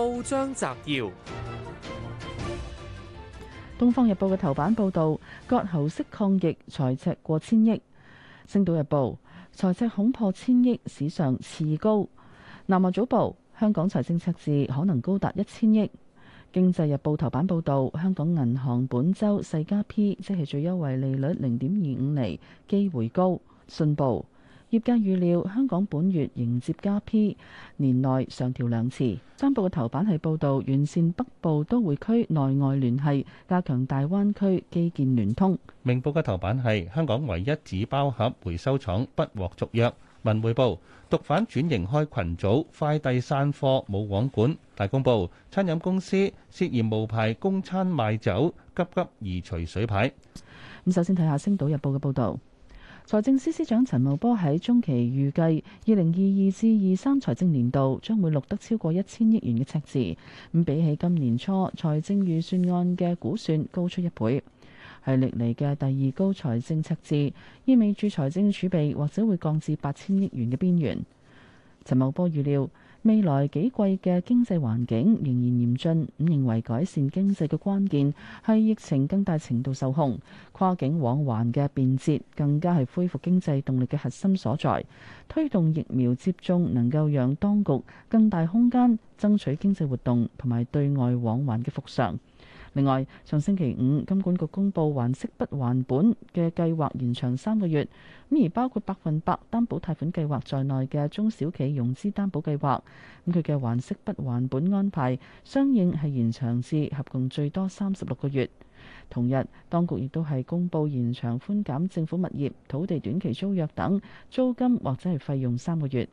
報章摘要：《東方日報》嘅頭版報道，割喉式抗疫財赤過千億；《星島日報》財赤恐破千億，史上次高；《南華早報》香港財政赤字可能高達一千億；《經濟日報》頭版報道，香港銀行本周細加 P，即係最優惠利率零點二五厘，機會高。信報，業界預料香港本月迎接加 P。財政司司長陳茂波喺中期預計，二零二二至二三財政年度將會錄得超過一千億元嘅赤字，咁比起今年初財政預算案嘅估算高出一倍，係歷嚟嘅第二高財政赤字，意味住財政儲備或者會降至八千億元嘅邊緣。陳茂波預料。未來幾季嘅經濟環境仍然嚴峻，認為改善經濟嘅關鍵係疫情更大程度受控，跨境往還嘅便捷更加係恢復經濟動力嘅核心所在。推動疫苗接種能夠讓當局更大空間爭取經濟活動同埋對外往還嘅復常。另外，上星期五，金管局公布還息不還本嘅計劃延長三個月，咁而包括百分百擔保貸款計劃在內嘅中小企融資擔保計劃，咁佢嘅還息不還本安排相應係延長至合共最多三十六個月。同日，當局亦都係公布延長寬減政府物業土地短期租約等租金或者係費用三個月。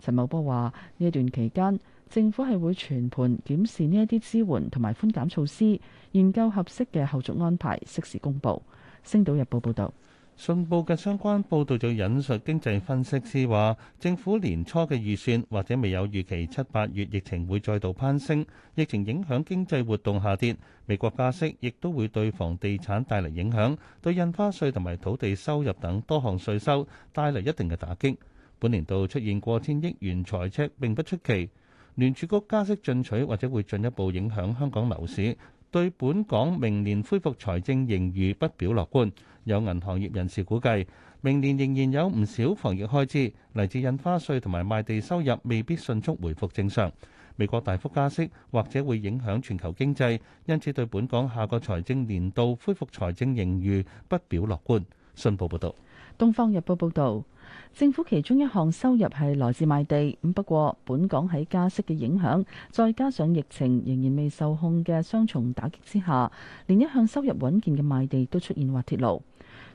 陳茂波話：呢一段期間，政府係會全盤檢視呢一啲支援同埋寬減措施，研究合適嘅後續安排，適時公布。《星島日報》報道，信報嘅相關報道就引述經濟分析師話：政府年初嘅預算或者未有預期，七八月疫情會再度攀升，疫情影響經濟活動下跌，美國加息亦都會對房地產帶嚟影響，對印花稅同埋土地收入等多項稅收帶嚟一定嘅打擊。本年度出現過千億元財赤並不出奇，聯儲局加息進取或者會進一步影響香港樓市，對本港明年恢復財政盈餘不表樂觀。有銀行業人士估計，明年仍然有唔少防疫開支，嚟自印花稅同埋賣地收入未必迅速回復正常。美國大幅加息或者會影響全球經濟，因此對本港下個財政年度恢復財政盈餘不表樂觀。信報報道，《東方日報》報道。.政府其中一項收入係來自賣地，咁不過本港喺加息嘅影響，再加上疫情仍然未受控嘅雙重打擊之下，連一向收入穩健嘅賣地都出現滑鐵盧。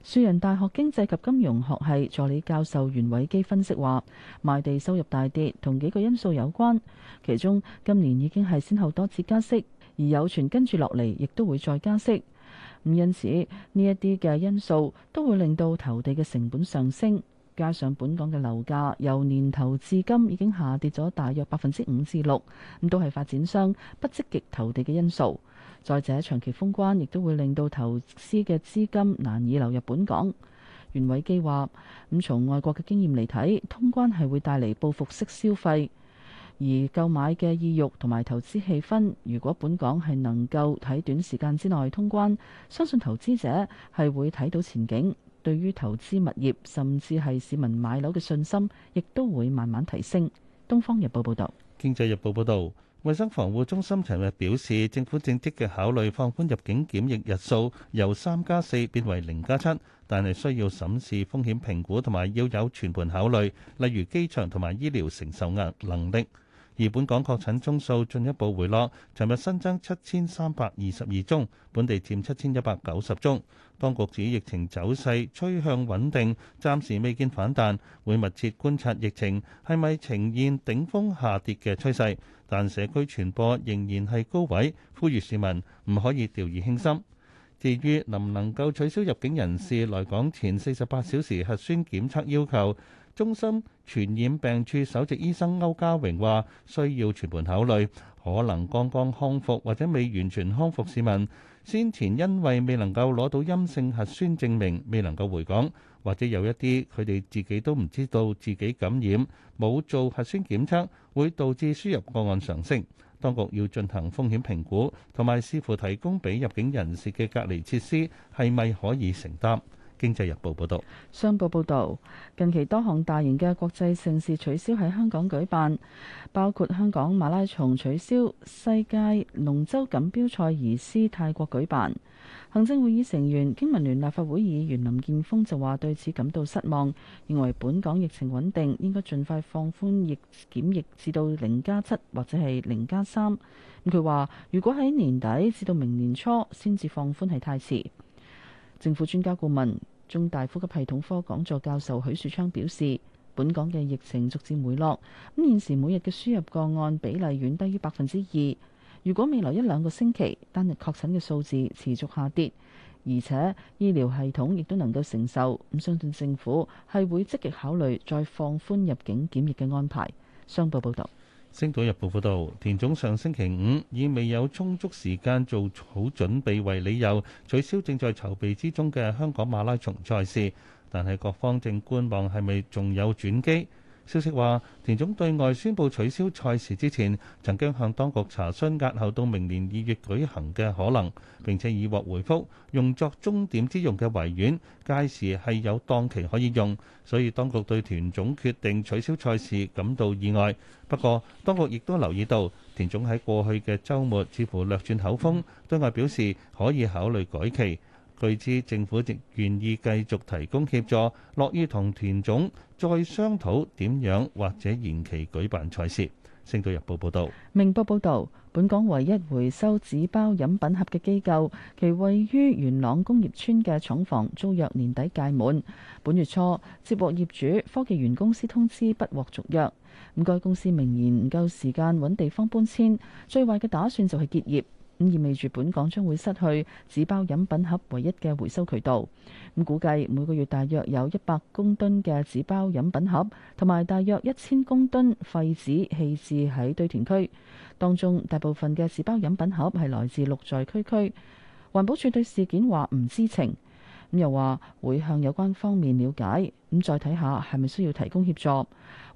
樹仁大學經濟及金融學系助理教授袁偉基分析話：賣地收入大跌同幾個因素有關，其中今年已經係先後多次加息，而有傳跟住落嚟亦都會再加息。咁因此呢一啲嘅因素都會令到投地嘅成本上升。加上本港嘅樓價由年頭至今已經下跌咗大約百分之五至六，咁都係發展商不積極投地嘅因素。再者，長期封關亦都會令到投資嘅資金難以流入本港。袁偉基話：咁從外國嘅經驗嚟睇，通關係會帶嚟報復式消費，而購買嘅意欲同埋投資氣氛，如果本港係能夠喺短時間之內通關，相信投資者係會睇到前景。對於投資物業，甚至係市民買樓嘅信心，亦都會慢慢提升。《東方日報》報導，《經濟日報》報導，衞生防護中心尋日表示，政府正積極考慮放寬入境檢疫日數，由三加四變為零加七，但係需要審視風險評估同埋要有全盤考慮，例如機場同埋醫療承受額能力。而本港確診宗數進一步回落，尋日新增七千三百二十二宗，本地佔七千一百九十宗。當局指疫情走勢趨向穩定，暫時未見反彈，會密切觀察疫情係咪呈現頂峰下跌嘅趨勢，但社區傳播仍然係高位，呼籲市民唔可以掉以輕心。至於能唔能夠取消入境人士來港前四十八小時核酸檢測要求？中心傳染病處首席醫生歐家榮話，需要全盤考慮，可能剛剛康復或者未完全康復市民，先前因為未能夠攞到陰性核酸證明，未能夠回港，或者有一啲佢哋自己都唔知道自己感染，冇做核酸檢測，會導致輸入個案上升。當局要進行風險評估，同埋視乎提供俾入境人士嘅隔離設施係咪可以承擔。經濟日報報導，商報報導，近期多項大型嘅國際盛事取消喺香港舉辦，包括香港馬拉松取消、世界龍舟錦標賽移師泰國舉辦。行政會議成員、經民聯立法會議員林健鋒就話對此感到失望，認為本港疫情穩定，應該盡快放寬疫檢疫至到零加七或者係零加三。咁佢話，如果喺年底至到明年初先至放寬，係太遲。政府專家顧問，中大呼吸系統科講座教授許樹昌表示，本港嘅疫情逐漸回落，咁現時每日嘅輸入個案比例遠低於百分之二。如果未來一兩個星期單日確診嘅數字持續下跌，而且醫療系統亦都能夠承受，咁相信政府係會積極考慮再放寬入境檢疫嘅安排。商報報道。星島日報報道，田總上星期五以未有充足時間做好準備為理由，取消正在籌備之中嘅香港馬拉松賽事，但係各方正觀望係咪仲有轉機？消息話，田總對外宣布取消賽事之前，曾經向當局查詢押後到明年二月舉行嘅可能，並且已獲回覆。用作終點之用嘅維園屆時係有檔期可以用，所以當局對田總決定取消賽事感到意外。不過，當局亦都留意到田總喺過去嘅週末似乎略轉口風，對外表示可以考慮改期。據知政府亦願意繼續提供協助，樂意同團總再商討點樣或者延期舉辦賽事。星島日報報道：「明報報道，本港唯一回收紙包飲品盒嘅機構，其位於元朗工業村嘅廠房租約年底屆滿。本月初接獲業主科技園公司通知，不獲續約。咁該公司明言唔夠時間揾地方搬遷，最壞嘅打算就係結業。咁意味住本港將會失去紙包飲品盒唯一嘅回收渠道。咁估計每個月大約有一百公噸嘅紙包飲品盒，同埋大約一千公噸廢紙棄置喺堆填區。當中大部分嘅紙包飲品盒係來自六在區區。環保署對事件話唔知情，咁又話會向有關方面了解，咁再睇下係咪需要提供協助。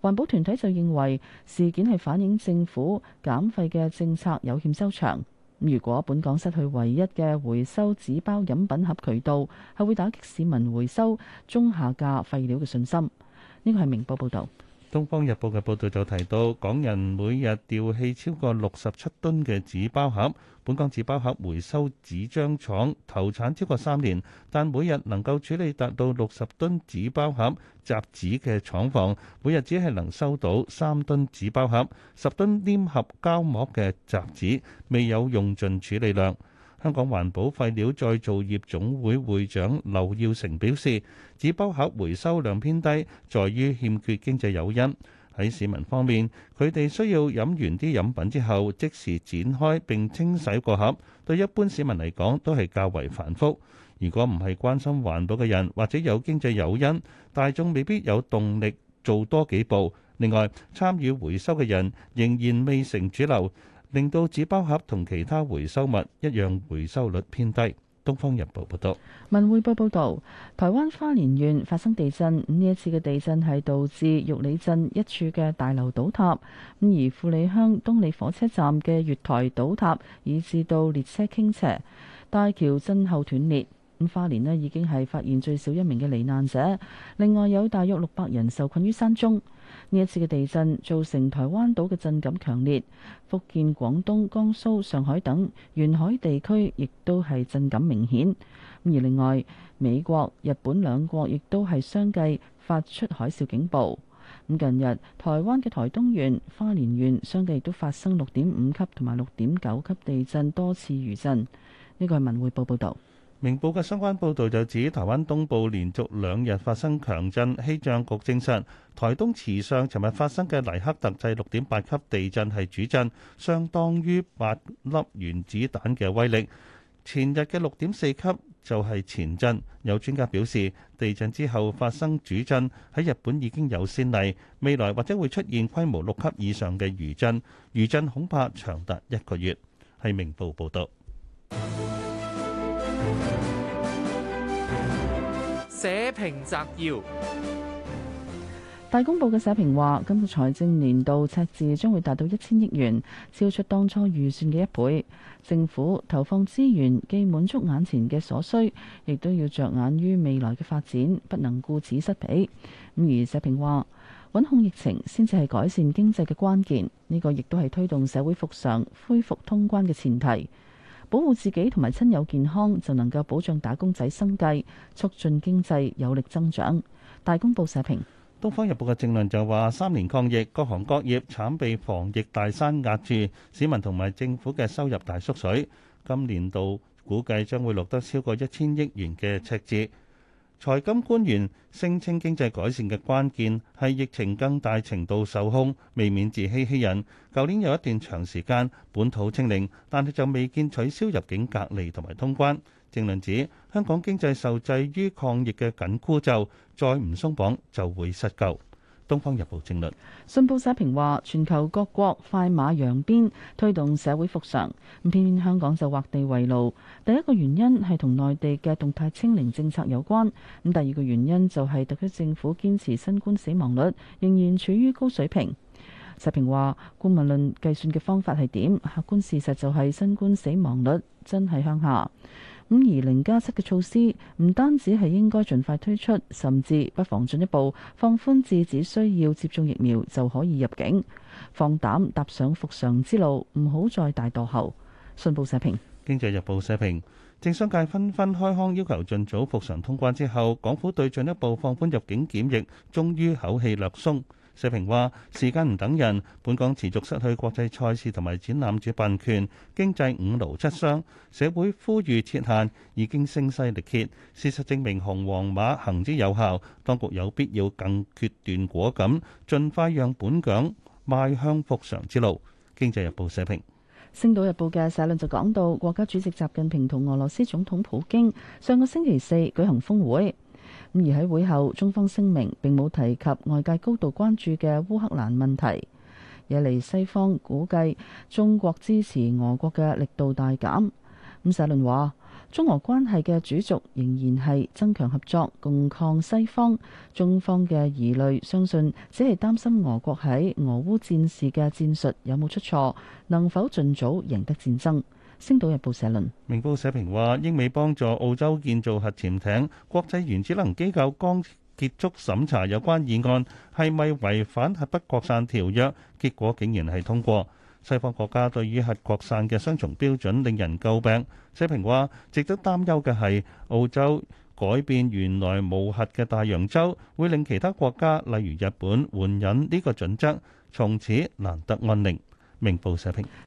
環保團體就認為事件係反映政府減廢嘅政策有欠收場。咁如果本港失去唯一嘅回收紙包飲品盒渠道，係會打擊市民回收中下價廢料嘅信心。呢、這個係明報報道。《東方日報》嘅報導就提到，港人每日丟棄超過六十七噸嘅紙包盒，本港紙包盒回收紙張廠投產超過三年，但每日能夠處理達到六十噸紙包盒雜紙嘅廠房，每日只係能收到三噸紙包盒、十噸黏合膠膜嘅雜紙，未有用盡處理量。香港環保廢料再造業總會會長劉耀成表示，紙包盒回收量偏低，在於欠缺經濟誘因。喺市民方面，佢哋需要飲完啲飲品之後，即時展開並清洗個盒，對一般市民嚟講都係較為繁複。如果唔係關心環保嘅人，或者有經濟誘因，大眾未必有動力做多幾步。另外，參與回收嘅人仍然未成主流。令到紙包盒同其他回收物一樣回收率偏低。《東方日報》報道，《文匯報》報道，台灣花蓮縣發生地震，呢一次嘅地震係導致玉里鎮一處嘅大樓倒塌，咁而富里鄉東里火車站嘅月台倒塌，以至到列車傾斜，大橋震後斷裂。咁花蓮呢已經係發現最少一名嘅罹難者，另外有大約六百人受困於山中。呢一次嘅地震造成台灣島嘅震感強烈，福建、廣東、江蘇、上海等沿海地區亦都係震感明顯。而另外，美國、日本兩國亦都係相繼發出海嘯警報。咁近日，台灣嘅台東縣、花蓮縣相繼都發生六點五級同埋六點九級地震，多次餘震。呢、這個係文匯報報道。明報嘅相關報導就指，台灣東部連續兩日發生強震。氣象局證實，台東池上尋日發生嘅黎克特制六點八級地震係主震，相當於八粒原子彈嘅威力。前日嘅六點四級就係前震。有專家表示，地震之後發生主震喺日本已經有先例，未來或者會出現規模六級以上嘅餘震，餘震恐怕長達一個月。係明報報道。社評摘要：大公報嘅社評話，今個財政年度赤字將會達到一千億元，超出當初預算嘅一倍。政府投放資源既滿足眼前嘅所需，亦都要着眼於未來嘅發展，不能顧此失彼。咁而社評話，穩控疫情先至係改善經濟嘅關鍵，呢、這個亦都係推動社會復常、恢復通關嘅前提。保護自己同埋親友健康，就能夠保障打工仔生計，促進經濟有力增長。大公報社評。《東方日報》嘅正論就話：三年抗疫，各行各業慘被防疫大山壓住，市民同埋政府嘅收入大縮水，今年度估計將會錄得超過一千億元嘅赤字。財金官員聲稱經濟改善嘅關鍵係疫情更大程度受控，未免自欺欺人。舊年有一段長時間本土清零，但係就未見取消入境隔離同埋通關。政論指香港經濟受制於抗疫嘅緊箍咒，再唔鬆綁就會失救。《東方日報》正論，信報社評話：全球各國快馬揚鞭推動社會復常，咁偏偏香港就畫地為牢。第一個原因係同內地嘅動態清零政策有關，咁第二個原因就係特區政府堅持新冠死亡率仍然處於高水平。社評話：姑勿論計算嘅方法係點，客觀事實就係新冠死亡率真係向下。五而零加七嘅措施唔單止係應該盡快推出，甚至不妨進一步放寬至只需要接種疫苗就可以入境，放膽踏上復常之路，唔好再大墮後。信報社評，經濟日報社評，政商界紛紛開腔要求盡早復常通關之後，港府對進一步放寬入境檢疫，終於口氣略鬆。社評話：時間唔等人，本港持續失去國際賽事同埋展覽主辦權，經濟五勞七傷，社會呼籲撤限已經聲嘶力竭。事實證明紅黃碼行之有效，當局有必要更決斷果敢，盡快讓本港邁向復常之路。經濟日報社評，《星島日報》嘅社論就講到，國家主席習近平同俄羅斯總統普京上個星期四舉行峰會。咁而喺會後，中方聲明並冇提及外界高度關注嘅烏克蘭問題，惹嚟西方估計中國支持俄國嘅力度大減。咁社論話，中俄關係嘅主軸仍然係增強合作、共抗西方。中方嘅疑慮，相信只係擔心俄國喺俄烏戰事嘅戰術有冇出錯，能否盡早贏得戰爭。星島日報社論，明報社評話：，英美幫助澳洲建造核潛艇，國際原子能機構剛結束審查有關議案，係咪違反核不擴散條約？結果竟然係通過。西方國家對於核擴散嘅雙重標準令人詬病。社評話：，值得擔憂嘅係澳洲改變原來無核嘅大洋洲，會令其他國家例如日本，援引呢個準則，從此難得安寧。明報社評。